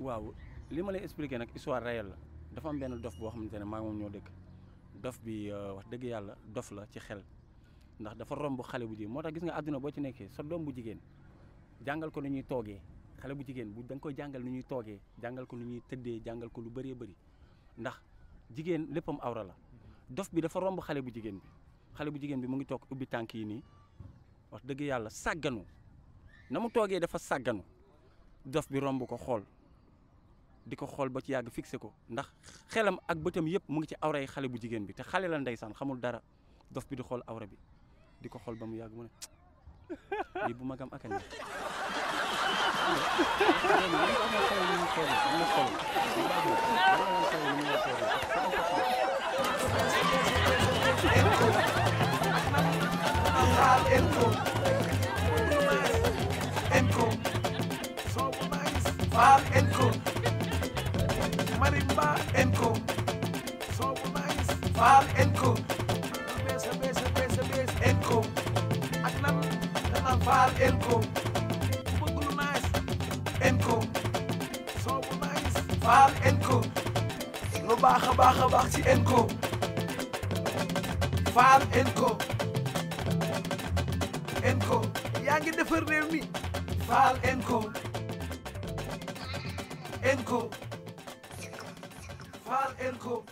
waaw li ma lay expliquer nak histoire réelle la dafa am benn dof boo xamante ne maa ñoo dëkk dof bi euh, wax dëgg yàlla dof la ci xel ndax dafa romb xale bu jigéen moo tax gis nga àdduna boo ci nekkee sa doom bu jigéen jàngal ko nu ñuy toogee xale bu jigéen bu da nga koy jàngal nu ñuy toogee jàngal ko nu ñuy tëddee jàngal ko lu bëree bëri ndax jigéen léppam awra la dof bi dafa romb xale bu jigéen bi xale bu jigéen bi mu ngi toog ubbi tànk yi nii wax dëgg yàlla sàgganu na mu toogee dafa sàgganu dof bi romb ko xool di ko xool ba ci yàgg fixé ko ndax xelam ak bëtam yëpp mu ngi ci awray xale bu jigéen bi te xale la ndeysaan xamul dara dof bi di xool awra bi di ko xool ba mu yàgg mu ne lii bu magam ak and Cook. Marimba en Co. Zo nice. Vaal en Co. Bees, bees, bees, bees en Co. Ak nan, dan Vaal en Co. Bugulu nice en Co. Zo nice. Vaal en Co. Ik wil baaga baaga wachtje en Co. Vaal en Co. En Co. Yaa ngi defar réew mi. Vaal en Co. En Paul Enko